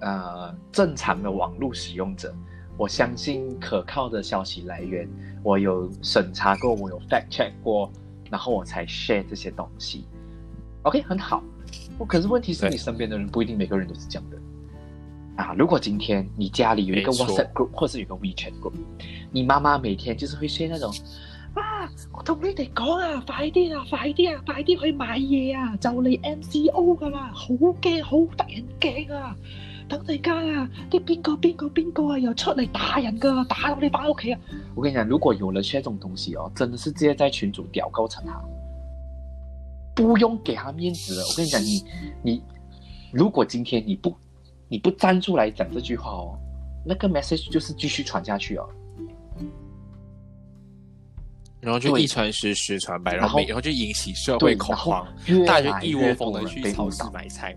呃，正常的網絡使用者，我相信可靠的消息來源，我有審查過，我有 fact check 過，然後我才 share 這些東西。OK，很好。可是問題是你身邊的人不一定每個人都是這樣的。啊，如果今天你家裏有一個 WhatsApp group 或者有一個 WeChat group，你媽媽每天就是會 share 那種，啊，我同你哋講啊，快啲啊，快啲啊，快啲去買嘢啊，就嚟 MCO 噶啦，好驚，好得人驚啊！等你家啊，啲邊個邊個邊個啊，又出嚟打人噶，打到你翻屋企啊！我跟你講，如果有人出這種東西哦，真的是直接在群組屌鳩層啊，不用給他面子。我跟你講，你你如果今天你不你不站出來講這句話哦，那個 message 就是繼續傳下去哦，然後就一傳十十傳百，然後然後就引起社會恐慌，大家就一窩蜂的去超市買菜。